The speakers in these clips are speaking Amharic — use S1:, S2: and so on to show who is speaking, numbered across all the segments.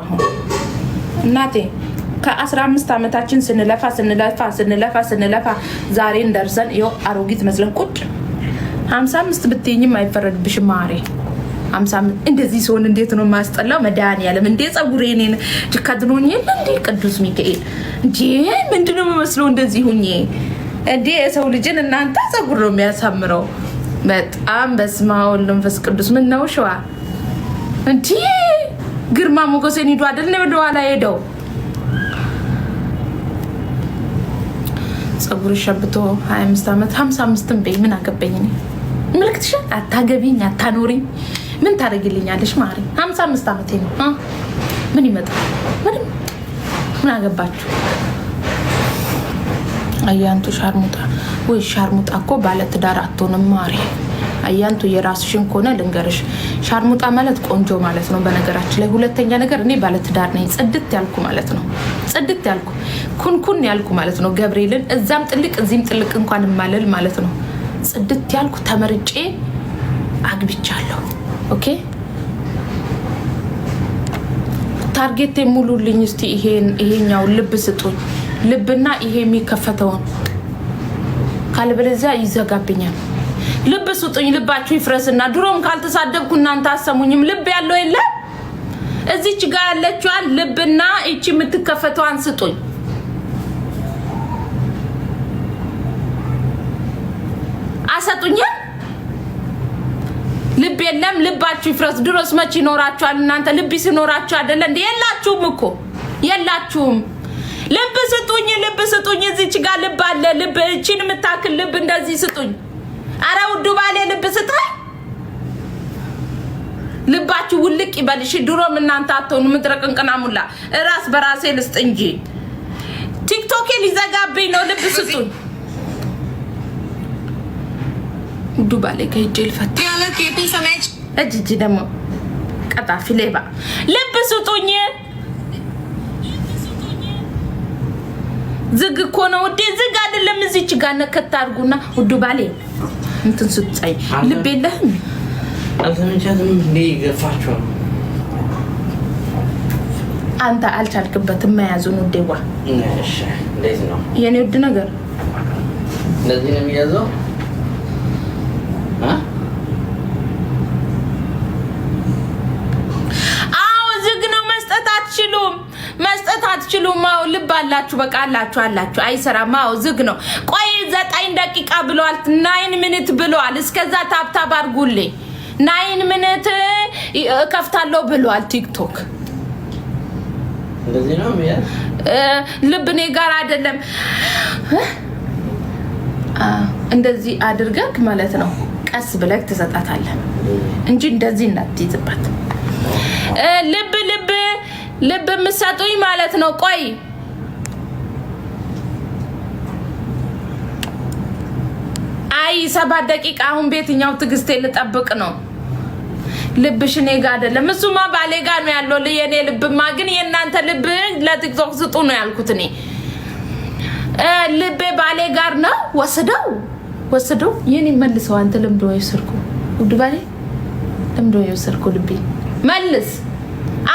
S1: አሁን እናቴ ከአስራ አምስት ዓመታችን ስንለፋ ስንለፋ ስንለፋ ስንለፋ ዛሬን ደርሰን ይኸው አሮጊት መስለን ቁጭ ሀምሳ አምስት ብትኝም አይፈረድብሽም ማሬ እንደዚህ ሲሆን እንዴት ነው የማያስጠላው? መድኃኒዓለም እንዴ ጸጉሬ እኔን ጅካድኖኝ የለ እንዴ ቅዱስ ሚካኤል እንዴ ምንድን ነው የምመስለው? እንደዚህ ሁኜ እንዴ የሰው ልጅን እናንተ ጸጉር ነው የሚያሳምረው። በጣም በስመ አብ ወመንፈስ ቅዱስ ምን ነው ሸዋ እንዴ ግርማ ሞገሴን ሂዶ አይደል ወደኋላ ሄደው ጸጉር ሸብቶ 25 ዓመት 55ን በይ ምን አገበኝ? እኔ ምልክትሽ አታገቢኝ አታኖሪኝ ምን ታደርግልኛለሽ ማሪ 55 ዓመቴ ነው ምን ይመጣል ምንም ምን አገባችሁ አያንቱ ሻርሙጣ ወይ ሻርሙጣ እኮ ባለትዳር አትሆንም ማሪ አያንቱ የራስሽን ከሆነ ልንገርሽ፣ ሻርሙጣ ማለት ቆንጆ ማለት ነው። በነገራችን ላይ ሁለተኛ ነገር እኔ ባለትዳር ነኝ፣ ጽድት ያልኩ ማለት ነው። ጽድት ያልኩ ኩንኩን ያልኩ ማለት ነው። ገብርኤልን እዛም ጥልቅ እዚህም ጥልቅ እንኳን ማለል ማለት ነው። ጽድት ያልኩ ተመርጬ አግብቻለሁ። ኦኬ ታርጌት የሙሉልኝ እስቲ ይሄኛውን ልብ ስጡኝ፣ ልብና ይሄ የሚከፈተውን ካልበለዚያ ይዘጋብኛል። ልብ ስጡኝ፣ ልባችሁ ይፍረስና ድሮም ካልተሳደብኩ እናንተ አሰሙኝም። ልብ ያለው የለም እዚች ጋ ያለችዋን ልብና እቺ የምትከፈተዋን ስጡኝ። አሰጡኝም። ልብ የለም። ልባችሁ ይፍረስ። ድሮስ መች ይኖራችኋል እናንተ? ልብ ሲኖራችሁ አይደለ እንደ የላችሁም እኮ የላችሁም። ልብ ስጡኝ፣ ልብ ስጡኝ። እዚች ጋር ልብ አለ። ልብ እቺን የምታክል ልብ እንደዚህ ስጡኝ። አረ ውዱ ባሌ ልብ ስታይ ልባችሁ ውልቅ ይበልሽ። ድሮም እናንተ አትሆኑ ምድረ ቅንቅና ሙላ እራስ በራሴ ልስጥ እንጂ ቲክቶኬ ሊዘጋብኝ ነው። ልብ ስጡን። ውዱ ባሌ ከእጄ ልፈታ እጅ እጅ ደግሞ ቀጣፊ ሌባ ልብ ስጡኝ። ዝግ እኮ ነው ውዴ፣ ዝግ አይደለም። እዚች ጋር ነከት አድርጉና ውዱ ባሌ እንትን ስትጻይ ልብ የለህም። አንተ አልቻልክበትም መያዙን። ውዴዋ ውድ ነገር
S2: እንደዚህ ነው የሚያዘው።
S1: በቃ አላችሁ አላችሁ። አይሰራም። አዎ ዝግ ነው። ቆይ ዘጠኝ ደቂቃ ብለዋል። ናይን ምንት ብለዋል። እስከዛ ታብታብ አድርጉልኝ። ናይን ምንት እከፍታለሁ ብሏል ቲክቶክ ልብ እኔ ጋር አይደለም። እንደዚህ አድርገህ ማለት ነው ቀስ ብለህ ትሰጣታለህ እንጂ እንደዚህ እንዳትይዝባት። ልብ ልብ ልብ የምትሰጡኝ ማለት ነው። ቆይ አይ ሰባት ደቂቃ አሁን ቤትኛው ትግስቴ ልጠብቅ ነው። ልብሽ እኔ ጋ አይደለም፣ እሱማ ባሌ ጋ ነው ያለው። የኔ ልብማ ግን የእናንተ ልብ ለቲክቶክ ስጡ ነው ያልኩት። እኔ ልቤ ባሌ ጋር ነው። ወስደው ወስደው የኔ መልሰው። አንተ ለምዶ የወሰድኩ ውድ ባሌ ለምዶ የወሰድኩ ልቤ መልስ፣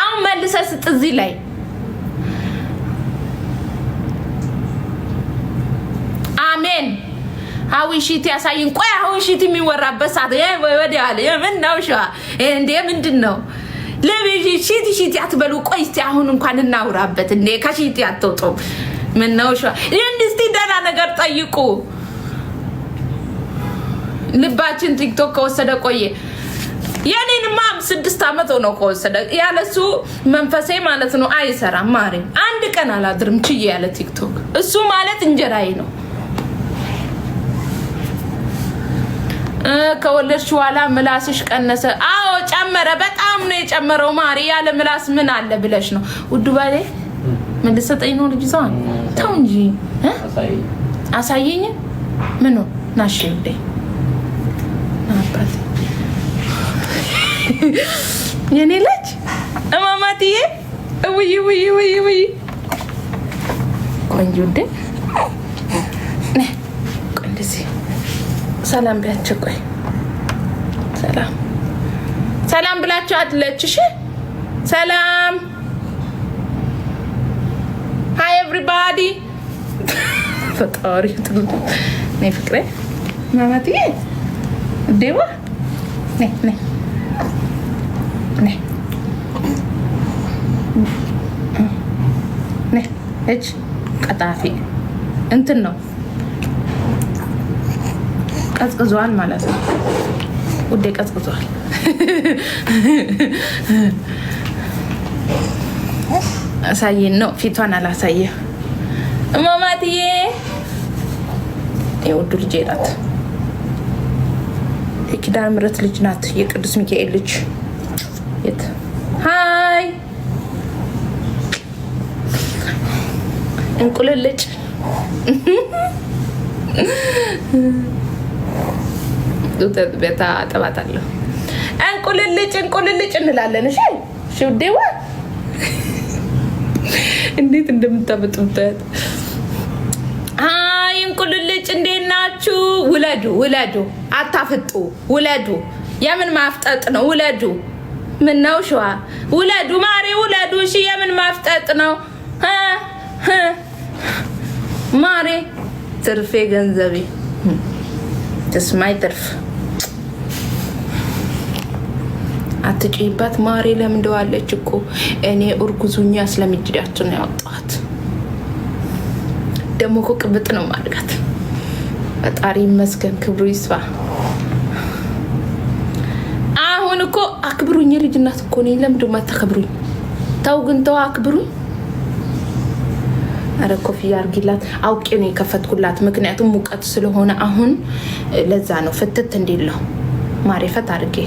S1: አሁን መልሰ ስጥ እዚህ ላይ አሜን አዊ ሺቲ ያሳይን። ቆይ አሁን ሺቲ የሚወራበት ሰዓት ወዲያ አለ። ምን ነው ሸዋ እንዴ? ምንድን ነው ለቤት ሺቲ ሺቲ አትበሉ። ቆይ እስቲ አሁን እንኳን እናውራበት እንዴ። ከሺቲ አትውጡ። ምን ነው ሸዋ ይህን እስቲ ደህና ነገር ጠይቁ። ልባችን ቲክቶክ ከወሰደ ቆየ። የኔን ማም ስድስት ዓመት ሆኖ ከወሰደ ያለሱ መንፈሴ ማለት ነው አይሰራም። ማሪ አንድ ቀን አላድርም ችዬ ያለ ቲክቶክ እሱ ማለት እንጀራዬ ነው። ከወለድሽ በኋላ ምላስሽ ቀነሰ? አዎ ጨመረ፣ በጣም ነው የጨመረው። ማሪ ያለ ምላስ ምን አለ ብለሽ ነው? ውዱ ባሌ መልሰጠኝ ነው? ልጅ ዘዋን ተው እንጂ አሳየኝ። ምኑ ናሽ ውዴ የኔ ልጅ እማማትዬ፣ ውይ ውይ ውይ ውይ ቆንጆ ውዴ ሰላም ቢያቸው ቆይ ሰላም ሰላም ብላችሁ አለች። እሺ ሰላም ሃይ ኤቭሪባዲ ፈጣሪ ነ ፍቅሬ ማማት ነ እች ቀጣፊ እንትን ነው ቀዝቅዟል ማለት ነው ውዴ፣ ቀዝቅዟል። አሳየን ነው ፊቷን አላሳየ እማማትዬ የውዱ ልጅ ናት። የኪዳነ ምሕረት ልጅ ናት። የቅዱስ ሚካኤል ልጅ ሀይ እንቁልልጭ ቤታ ጠባታለሁ። እንቁልልጭ እንቁልልጭ እንላለን። እሺ ሽውዴዋ እንዴት እንደምታመጡበት አይ እንቁልልጭ፣ እንዴት ናችሁ? ውለዱ ውለዱ፣ አታፍጡ፣ ውለዱ። የምን ማፍጠጥ ነው? ውለዱ። ምን ነው ሸዋ ውለዱ፣ ማሬ ውለዱ። እሺ የምን ማፍጠጥ ነው? ማሬ ትርፌ ገንዘቤ ተስማይ ትርፍ አትጭኝባት ማሬ። ለምደዋለች እኮ እኔ እርጉዙኛ ስለምጅዳቸው ነው ያወጣኋት። ደግሞ እኮ ቅብጥ ነው ማድጋት። ፈጣሪ ይመስገን፣ ክብሩ ይስፋ። አሁን እኮ አክብሩኝ፣ ልጅናት እኮ ነኝ። ለምንድን ነው የማታከብሩኝ? ተው ግን ተው፣ አክብሩኝ። ኧረ ኮፍያ አድርጊላት። አውቄ ነው የከፈትኩላት፣ ምክንያቱም ሙቀቱ ስለሆነ አሁን ለዛ ነው ፍትት እንዲለው ማሬ ፈት አድርጌ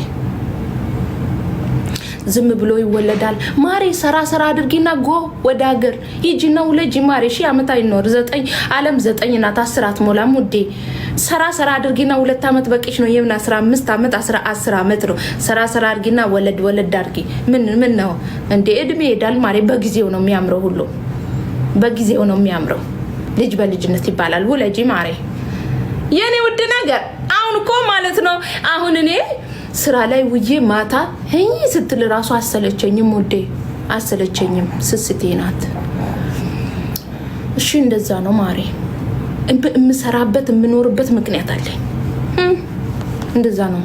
S1: ዝም ብሎ ይወለዳል። ማሬ ሰራ ሰራ አድርጊና ጎ ወደ ሀገር ሂጂና ውለጂ ማሬ። ሺህ ዓመት አይኖር ዘጠኝ አለም ዘጠኝ ናት አስር አትሞላም ውዴ። ሰራ ሰራ አድርጊና ሁለት ዓመት በቂሽ ነው። የምን አስራ አምስት ዓመት አስር ዓመት ነው። ሰራ ሰራ አድርጊና ወለድ ወለድ አድርጊ። ምን ምን ነው እንዴ? እድሜ ይሄዳል ማሬ። በጊዜው ነው የሚያምረው ሁሉ በጊዜው ነው የሚያምረው። ልጅ በልጅነት ይባላል። ውለጂ ማሬ የኔ ውድ ነገር አሁን እኮ ማለት ነው አሁን እኔ ስራ ላይ ውዬ ማታ ህኝ ስትል ራሱ አሰለቸኝም፣ ውዴ አሰለቸኝም። ስስቴ ናት። እሺ እንደዛ ነው ማሬ። የምሰራበት የምኖርበት ምክንያት አለኝ። hm እንደዛ ነው።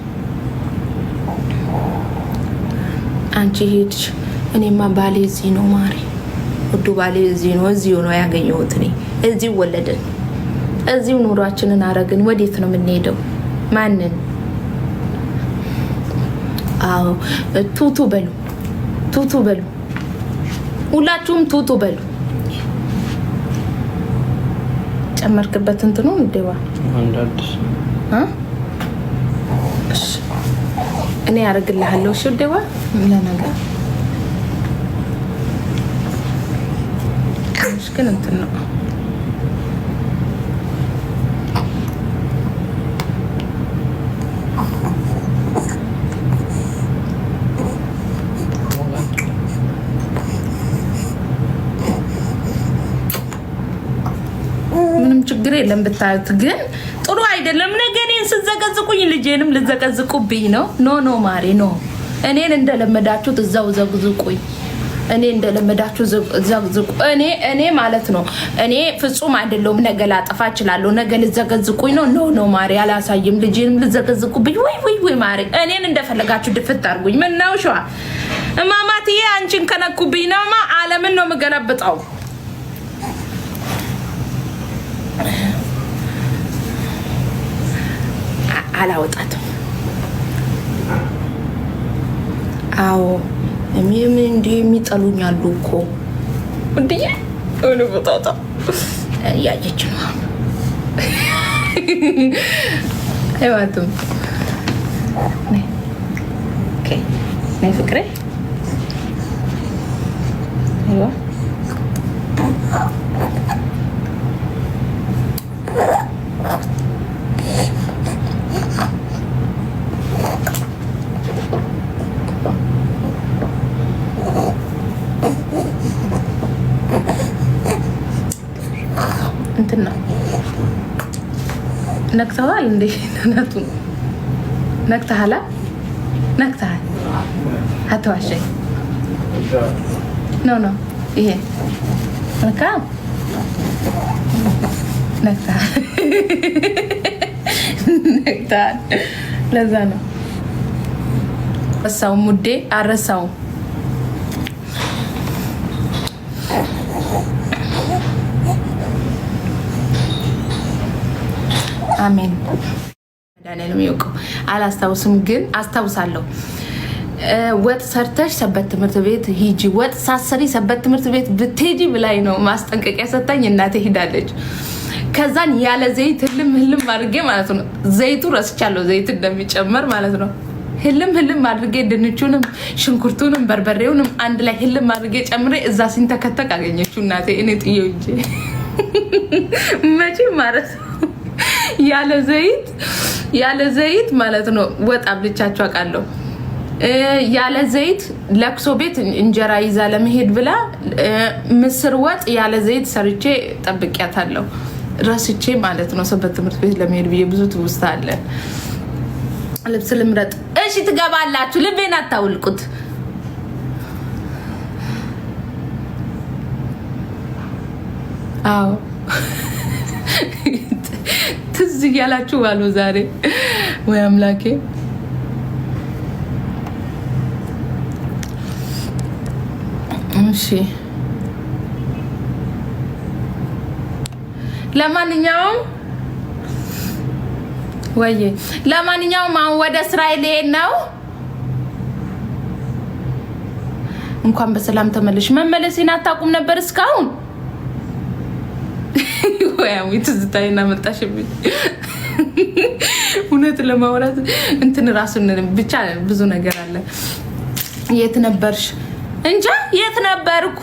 S1: አንቺ ሄድ፣ እኔማ ባሌ እዚህ ነው ማሬ። ውዱ ባሌ እዚህ ነው። እዚሁ ነው ያገኘሁት እኔ። እዚሁ ወለደን፣ እዚሁ ኑሯችንን አረግን። ወዴት ነው የምንሄደው? ማንን ቱቱ በሉ፣ ቱቱ በሉ፣ ሁላችሁም ቱቱ በሉ። ጨመርክበት እንትኑ ምድባ እኔ ያደርግልሃለሁ። እሺ ውዴዋ ለነገር ግን እንትን ነው ችግር የለም ብታዩት፣ ግን ጥሩ አይደለም። ነገኔን ስዘቀዝቁኝ ልጄንም ልዘቀዝቁብኝ ነው። ኖ ኖ ማሬ ኖ። እኔን እንደለመዳችሁት እዛው ዘቅዝቁኝ። እኔ እንደለመዳችሁ ዘቅዝቁ። እኔ እኔ ማለት ነው እኔ ፍጹም አይደለሁም። ነገ ላጠፋ እችላለሁ። ነገ ልዘቀዝቁኝ ነው። ኖ ኖ ማሪ አላሳይም። ልጅንም ልዘቀዝቁብኝ። ወይ ወይ ወይ ማሪ እኔን እንደፈለጋችሁ ድፍት አድርጉኝ። ምነው ሸዋ እማማትዬ አንቺን ከነኩብኝ ነማ አለምን ነው የምገለብጠው። አላወጣትም። አዎ እንዲ የሚጠሉኝ አሉ እኮ እንድዬ ሆነ ቦታጣ እያየች ነው አይዋትም ናይ ፍቅሬ እንትን ነው ነቅተዋል እንዴ? ነቱ ነቅተሃል ነቅተሃል፣ አትዋሸኝ። ኖ ኖ ይሄ ነካ ነቅተሃል ነቅተሃል፣ ለዛ ነው አረሳውም ሙዴ አረሳውም። አሜን መድኃኒዓለም የሚያውቀው አላስታውስም፣ ግን አስታውሳለሁ። ወጥ ሰርተሽ ሰበት ትምህርት ቤት ሂጂ፣ ወጥ ሳሰሪ ሰበት ትምህርት ቤት ብትሄጂ ብላኝ ነው ማስጠንቀቂያ ሰጣኝ እናቴ ሄዳለች። ከዛን ያለ ዘይት ህልም ህልም አድርጌ ማለት ነው። ዘይቱ ረስቻለሁ፣ ዘይት እንደሚጨመር ማለት ነው። ህልም ህልም አድርጌ ድንቹንም ሽንኩርቱንም በርበሬውንም አንድ ላይ ህልም አድርጌ ጨምሬ እዛ ሲንተከተቅ አገኘችው እናቴ። እኔ ጥዬው እንጂ መቼ ማለት ያለ ዘይት ያለ ዘይት ማለት ነው ወጥ ብልቻቸው አውቃለሁ። ያለ ዘይት ለቅሶ ቤት እንጀራ ይዛ ለመሄድ ብላ ምስር ወጥ ያለ ዘይት ሰርቼ ጠብቂያታለሁ። ረስቼ ማለት ነው ሰበት ትምህርት ቤት ለመሄድ ብዬ ብዙ ትውስታ አለን። ልብስ ልምረጥ። እሺ ትገባላችሁ። ልቤን አታውልቁት። አዎ ትዝ እያላችሁ አሉ ዛሬ ወይ አምላኬ እሺ ለማንኛውም ወይ ለማንኛውም አሁን ወደ እስራኤል ይሄድ ነው። እንኳን በሰላም ተመለሽ። መመለሴን አታውቁም ነበር እስካሁን። ወያዊ ትዝታዬን አመጣሽብኝ። እውነት ለማውራት እንትን ራሱን ብቻ ብዙ ነገር አለ። የት ነበርሽ? እንጃ የት ነበርኩ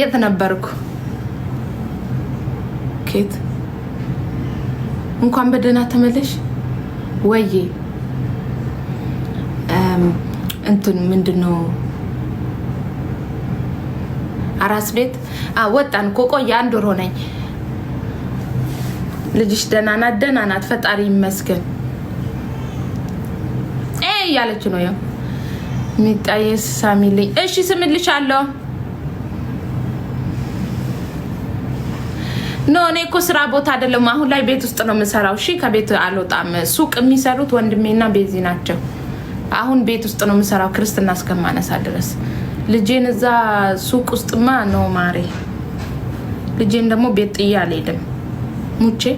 S1: የት ነበርኩ ኬት እንኳን በደህና ተመለሽ ወይ እንትን ምንድን ነው አራስ ቤት ወጣን እኮ ቆየ፣ አንድ ወር ሆነኝ። ልጅሽ ደህና ናት? ደህና ናት፣ ፈጣሪ ይመስገን እያለች ነው ያው ሚጣዬ ሳሚልኝ። እሺ ስምልሻለሁ። ኖ እኔ እኮ ስራ ቦታ አይደለም አሁን ላይ ቤት ውስጥ ነው የምሰራው። እሺ ከቤት አልወጣም። ሱቅ የሚሰሩት ወንድሜና ቤዚ ናቸው። አሁን ቤት ውስጥ ነው የምሰራው ክርስትና እስከማነሳ ድረስ። ልጄን እዛ ሱቅ ውስጥማ ነው ማሬ። ልጄን ደግሞ ቤት ጥዬ አልሄድም ሙቼ